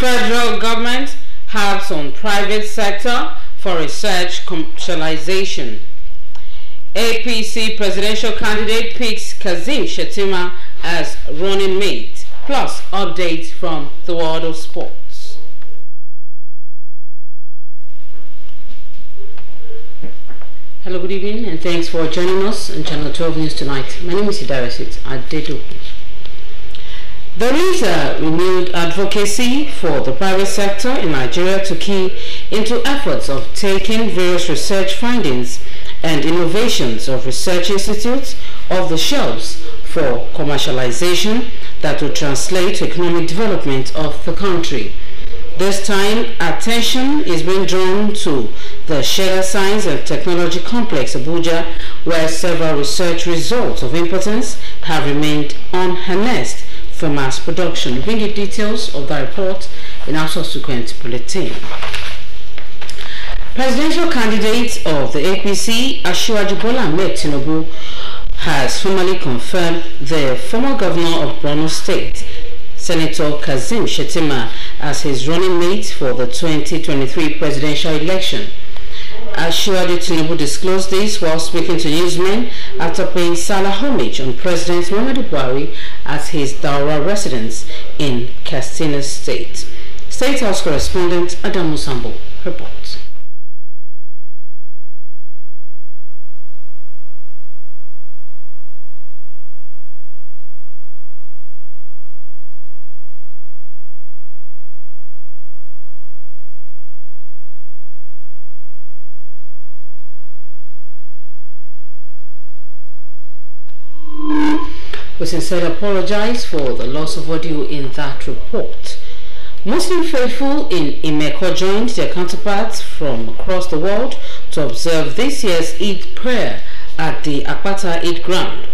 federal government helps on private sector for research commercialization. APC presidential candidate picks Kazim Shatima as running mate. Plus updates from the world of sports. Hello, good evening, and thanks for joining us on Channel 12 News tonight. My name is Idaris Adedo. There is a renewed advocacy for the private sector in Nigeria to key into efforts of taking various research findings and innovations of research institutes off the shelves for commercialization that will translate to economic development of the country. This time, attention is being drawn to the Sheda Science and Technology Complex Abuja, where several research results of importance have remained unharnessed for mass production. We bring you details of the report in our subsequent bulletin. Presidential candidate of the APC, Ashua Jibola Ahmed has formally confirmed the former governor of Borno State, Senator Kazim Shetima, as his running mate for the 2023 presidential election assured Tinubu disclosed this while speaking to newsmen after paying Salah homage on President Muhammadu Buhari at his Daura residence in Castina State. State House correspondent Adam Musambo reports. We sincerely apologize for the loss of audio in that report. Muslim faithful in Imeko joined their counterparts from across the world to observe this year's Eid prayer at the Akpata Eid ground.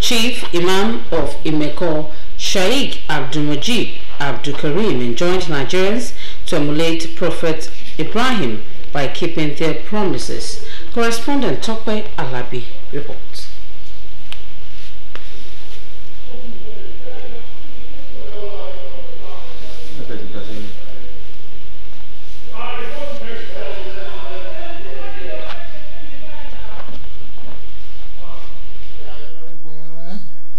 Chief Imam of Imeko, Shaikh Abdulmajid Abdul Karim, enjoined Nigerians to emulate Prophet Ibrahim by keeping their promises. Correspondent Tokwe Alabi reports.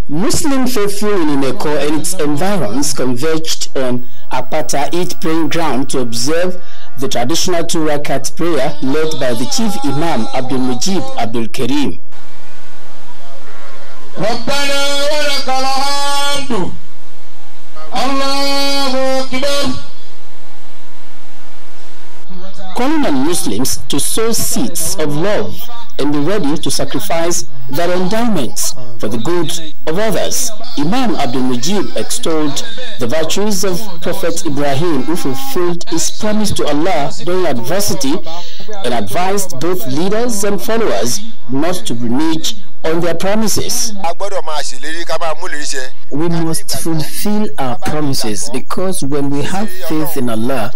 Muslim faithful in Imeko and its environs converged on Apata Eid praying ground to observe the traditional two rakat prayer led by the chief imam Abdul Mujib Abdul Karim. Calling on Muslims to sow seeds of love and be ready to sacrifice their endowments for the good of others. Imam Abdul Mujib extolled the virtues of Prophet Ibrahim who fulfilled his promise to Allah during adversity and advised both leaders and followers not to renege on their promises. We must fulfill our promises because when we have faith in Allah,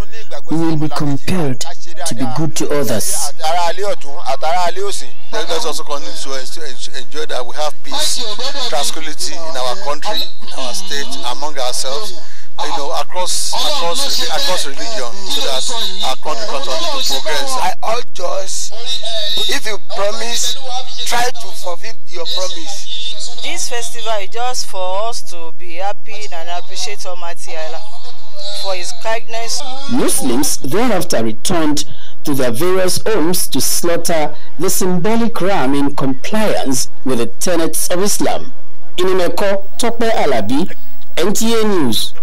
we will be compelled to be good to others. Let us also continue to enjoy that we have peace, tranquility in our country, our state, among ourselves. you know across across across religion so that our country continues to progress. I urge us, eh, if you promise, try to fulfill your promise. This festival is just for us to be happy and appreciate Almighty Allah for His kindness. Muslims thereafter returned to their various homes to slaughter the symbolic ram in compliance with the tenets of Islam. Inimeko Tope Alabi, NTA News.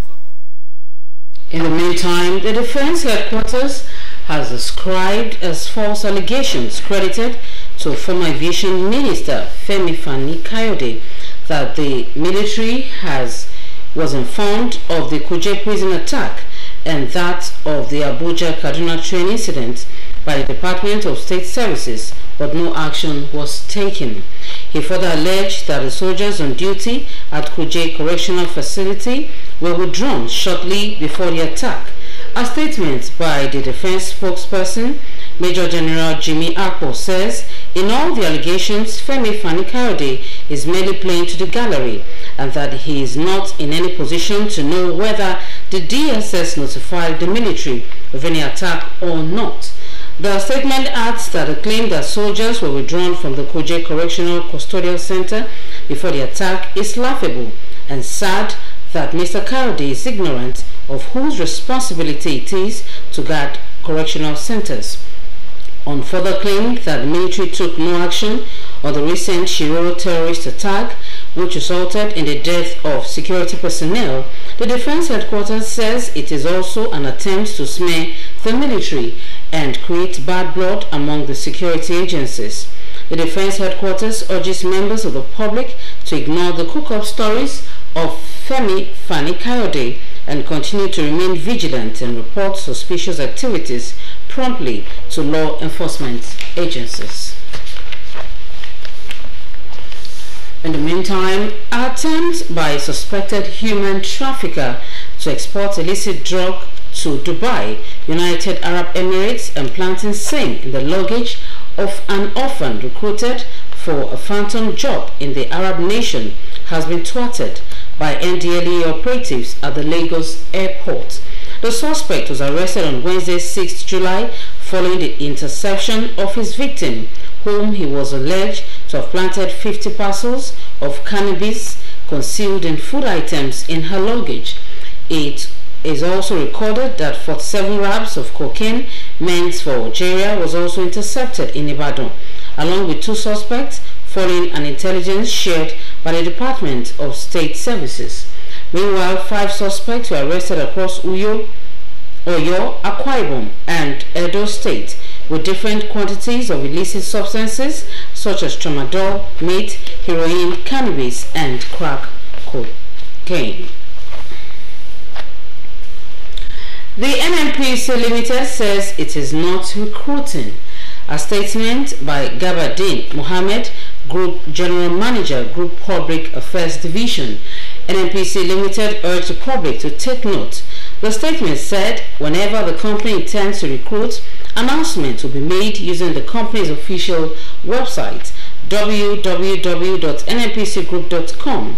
In the meantime, the Defense Headquarters has described as false allegations credited to former aviation minister Femi Fani-Kayode that the military has was informed of the Kuje prison attack and that of the Abuja-Kaduna train incident by the Department of State Services, but no action was taken. He further alleged that the soldiers on duty at Kuje Correctional Facility were withdrawn shortly before the attack. A statement by the defense spokesperson, Major General Jimmy Apple, says in all the allegations, Femi Fani is merely playing to the gallery and that he is not in any position to know whether the DSS notified the military of any attack or not. The statement adds that the claim that soldiers were withdrawn from the Koje Correctional Custodial Center before the attack is laughable and sad that Mr. Cowdy is ignorant of whose responsibility it is to guard correctional centers. On further claim that the military took no action on the recent Shiro terrorist attack, which resulted in the death of security personnel, the defense headquarters says it is also an attempt to smear the military and create bad blood among the security agencies. The defense headquarters urges members of the public to ignore the cook-up stories of Femi Fani Kayode and continue to remain vigilant and report suspicious activities promptly to law enforcement agencies. In the meantime, attempts by suspected human trafficker to export illicit drug to Dubai, United Arab Emirates and planting same in the luggage of an orphan recruited for a phantom job in the Arab nation has been thwarted by NDLA operatives at the Lagos airport. The suspect was arrested on Wednesday 6 July following the interception of his victim, whom he was alleged to have planted 50 parcels of cannabis concealed in food items in her luggage. It is also recorded that 47 wraps of cocaine meant for Algeria was also intercepted in Ibadan, along with two suspects following an intelligence shared by the Department of State Services. Meanwhile, five suspects were arrested across Uyo, Oyo, Akwa Ibom, and Edo State with different quantities of illicit substances such as tramadol, meth, heroin, cannabis, and crack cocaine. The NNPC Limited says it is not recruiting. A statement by Gabardine Mohammed, Group General Manager, Group Public Affairs Division, NNPC Limited urged the public to take note. The statement said whenever the company intends to recruit, announcements will be made using the company's official website www.nmpcgroup.com,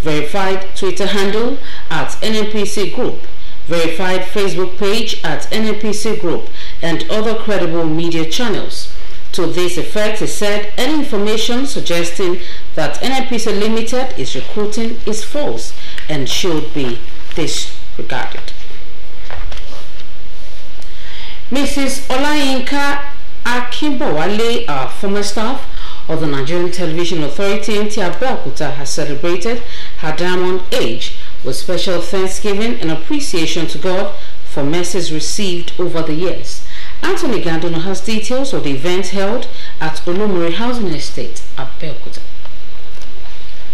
verified Twitter handle at NNPC Group, verified Facebook page at NNPC Group, and other credible media channels. To this effect, he said, any information suggesting that NIPC Limited is recruiting is false and should be disregarded. Mrs. Olainka Akinbowale, a former staff of the Nigerian Television Authority in Tiabokuta, has celebrated her diamond age with special thanksgiving and appreciation to God for messages received over the years. Anthony Gandono has details of the event held at Olumuri Housing Estate, Belkota.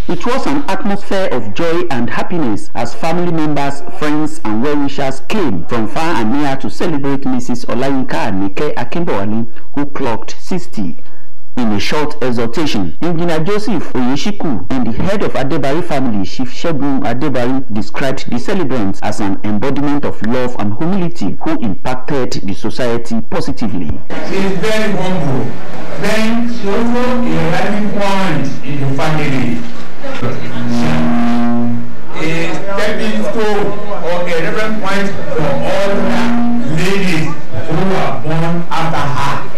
It was an atmosphere of joy and happiness as family members, friends and well-wishers came from far and near to celebrate Mrs. Olayinka Nike Akimbowale, who clocked 60. In a short exhortation, Engineer Joseph Oyeshiku and the head of Adebari family, Chief Shegun Adebari, described the celebrants as an embodiment of love and humility who impacted the society positively. She is very humble. Then she also a rising point in the family. A stepping stone or a reference point for all the ladies who are born after her.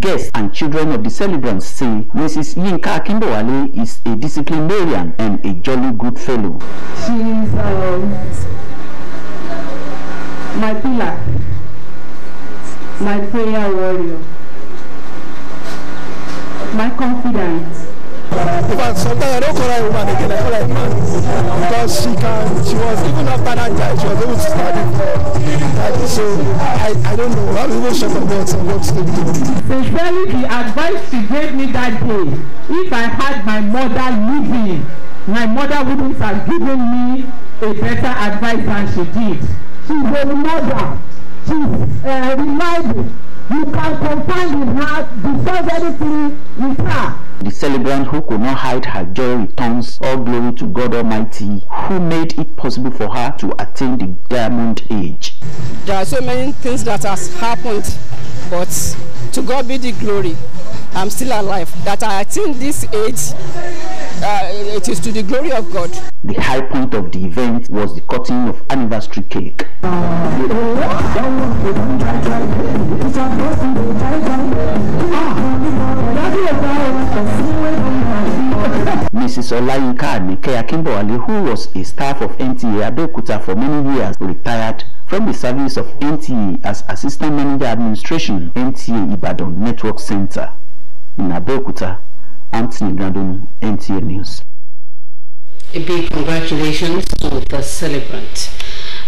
guests and children of the celebrants say Mrs. Yinka Akindowale is a disciplinarian and a jolly good fellow. She is um, my pillar, my prayer warrior, my confidant. In fact, sometimes I don't call her a woman again, I call her a man. Because she can, she was, even after that time, she was able to study. Uh, so I, I don't know, I'm even shocked of what, what to do. Sincerely, the advice she gave me that day, if I had my mother living, my mother wouldn't have given me a better advice than she did. She's a mother. She's uh, reliable. You can confide in her, discuss anything with her. The celebrant who could not hide her joy returns all glory to God Almighty who made it possible for her to attain the diamond age. There are so many things that has happened but to God be the glory. I'm still alive. That I attained this age, uh, it is to the glory of God. The high point of the event was the cutting of anniversary cake. Mrs. Olayinka Anike Akinbowale, who was a staff of NTA Abeokuta for many years, retired from the service of NTA as Assistant Manager Administration, NTA Ibadan Network Center. In Abeokuta, Anthony Grandon, NTA News. A big congratulations to the celebrant.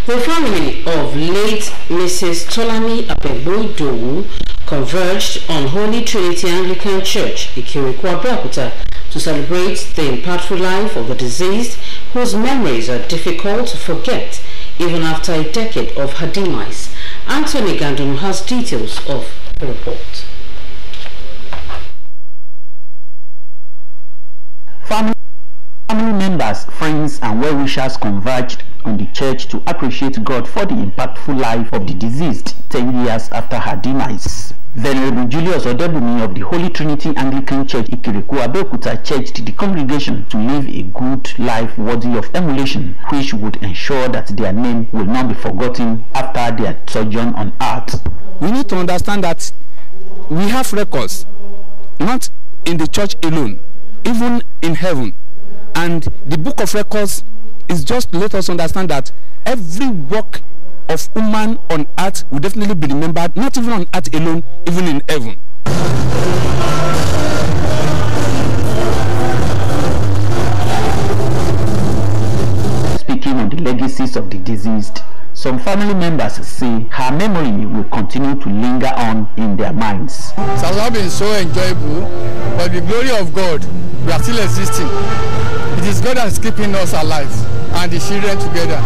The family of late Mrs. Tolani Abebodo converged on Holy Trinity Anglican Church, Ikirikwa to celebrate the impactful life of the deceased whose memories are difficult to forget even after a decade of her demise. Anthony Gandon has details of the report. Family members, friends and well-wishers converged on the church to appreciate God for the impactful life of the deceased 10 years after her demise. Venerable Julius Odebumi of the Holy Trinity Anglican Church Ikiriku Abeokuta charged the congregation to live a good life worthy of emulation, which would ensure that their name will not be forgotten after their sojourn on earth. We need to understand that we have records, not in the church alone, even in heaven. And the book of records is just let us understand that every work of woman on earth will definitely be remembered, not even on earth alone, even in heaven. Speaking on the legacies of the deceased, Some family members say her memory will continue to linger on in their minds. It has been so enjoyable, but the glory of God, we are still existing. It is God that is keeping us alive and the children together.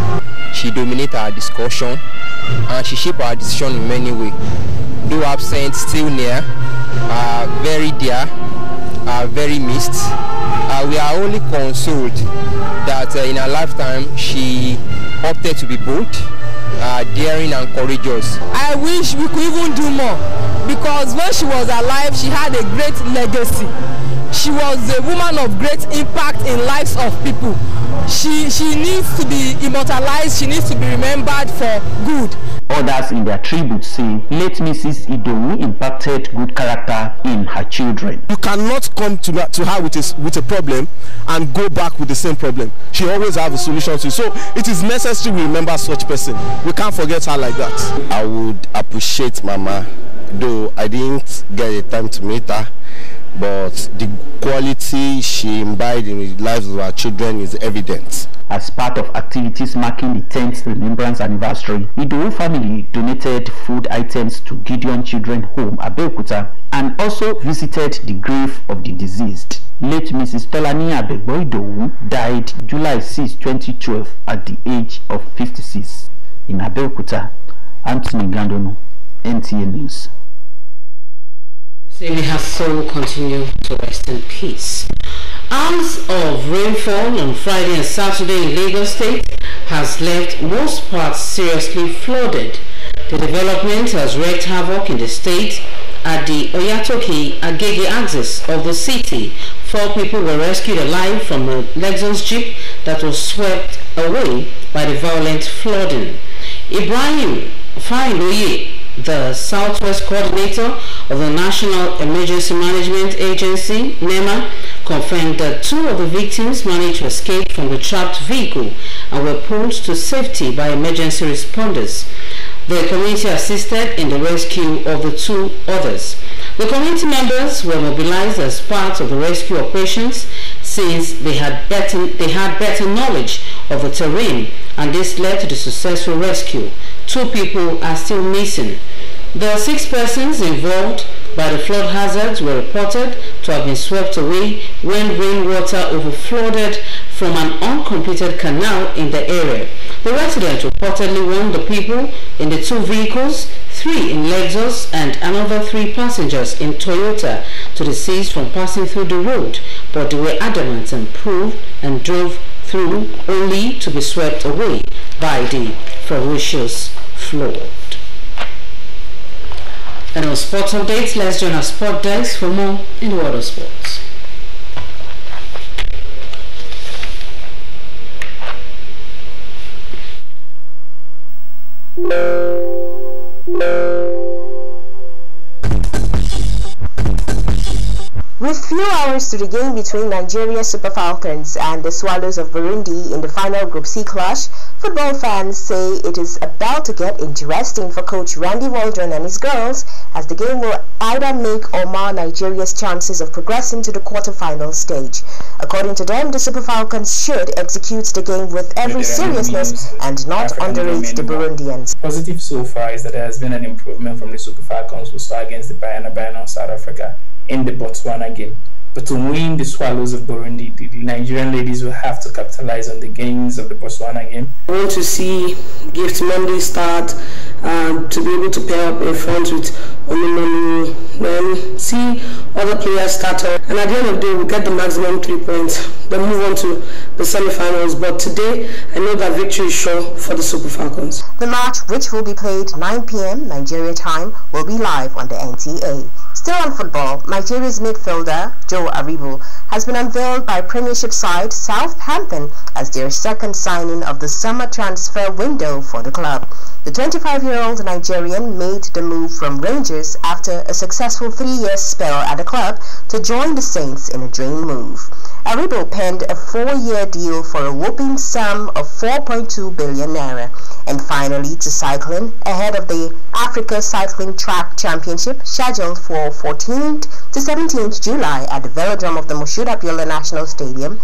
She dominated our discussion and she shaped our decision in many ways. Though absent, still near, uh, very dear, are very missed. Uh, we are only consoled that uh, in her lifetime she opted to be bold, uh, daring and courageous. I wish we could even do more because when she was alive she had a great legacy. She was a woman of great impact in lives of people she she needs to be immortalized she needs to be remembered for good. Others in their tribute say late Mrs. Idowu impacted good character in her children. You cannot come to, to her with a, with a problem and go back with the same problem. She always have a solution to it. So it is necessary we remember such person. We can't forget her like that. I would appreciate Mama, though I didn't get a time to meet her but the quality she imbibed in the lives of her children is evident. As part of activities marking the 10th remembrance anniversary, Idowu family donated food items to Gideon Children Home, Abeokuta, and also visited the grave of the deceased. Late Mrs. Tolani Abegbo Idowu died July 6, 2012 at the age of 56 in Abeokuta. Anthony Gandonu, NTA News. Say may her soul continue to rest in peace. Hours of rainfall on Friday and Saturday in Lagos State has left most parts seriously flooded. The development has wreaked havoc in the state at the Oyatoki Agege axis of the city. Four people were rescued alive from a Lexus jeep that was swept away by the violent flooding. Ibrahim Failoye the Southwest Coordinator of the National Emergency Management Agency, NEMA, confirmed that two of the victims managed to escape from the trapped vehicle and were pulled to safety by emergency responders. The community assisted in the rescue of the two others. The community members were mobilized as part of the rescue operations since they had better, they had better knowledge of the terrain and this led to the successful rescue. Two people are still missing. The six persons involved by the flood hazards were reported to have been swept away when rainwater overflowed from an uncompleted canal in the area. The resident reportedly warned the people in the two vehicles, three in Lexus and another three passengers in Toyota, to desist from passing through the road, but they were adamant and proved and drove through only to be swept away by the ferocious float. And was sports updates. Let's join our sport desk for more in water sports. With few hours to the game between Nigeria Super Falcons and the Swallows of Burundi in the final Group C clash, Football fans say it is about to get interesting for coach Randy Waldron and his girls as the game will either make or mar Nigeria's chances of progressing to the quarterfinal stage. According to them, the Super Falcons should execute the game with every seriousness and not underrate the Burundians. Positive so far is that there has been an improvement from the Super Falcons who saw against the Bayana Bayana of South Africa in the Botswana game. But to win the Swallows of Burundi, the Nigerian ladies will have to capitalize on the gains of the Botswana game. I want to see Gift Monday start um, to be able to pair up in front with Onimoni, then see other players start up, And at the end of the day, we get the maximum three points, then move on to the semi-finals. But today, I know that victory is sure for the Super Falcons. The match, which will be played 9 p.m. Nigeria time, will be live on the NTA. Still on football, Nigeria's midfielder Joe Aribo has been unveiled by Premiership side Southampton as their second signing of the summer transfer window for the club. The 25-year-old Nigerian made the move from Rangers after a successful three-year spell at the club to join the Saints in a dream move. Aribo penned a four-year deal for a whopping sum of 4.2 billion naira. And finally to cycling, ahead of the Africa Cycling Track Championship scheduled for 14th to 17th July at the Velodrome of the Moshuda National Stadium,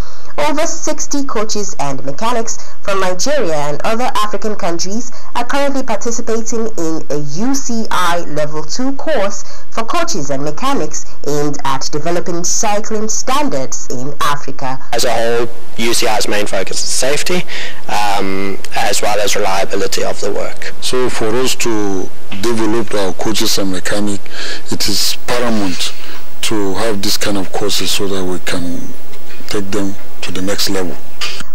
over 60 coaches and mechanics from Nigeria and other African countries are currently participating in a UCI Level 2 course for coaches and mechanics aimed at developing cycling standards in Africa. As a whole, UCI's main focus is safety um, as well as reliability of the work. So for us to develop our coaches and mechanics, it is paramount to have this kind of courses so that we can take them to the next level.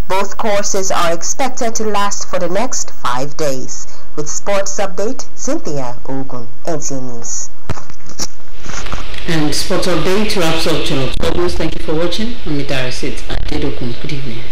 Both courses are expected to last for the next five days. With Sports Update, Cynthia Ogun, NTN News. And Sports Update wraps up Channel 12 News. Thank you for watching. I'm Idara Sit Good evening.